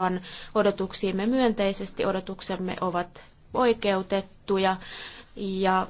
vastaan odotuksiimme myönteisesti. Odotuksemme ovat oikeutettuja ja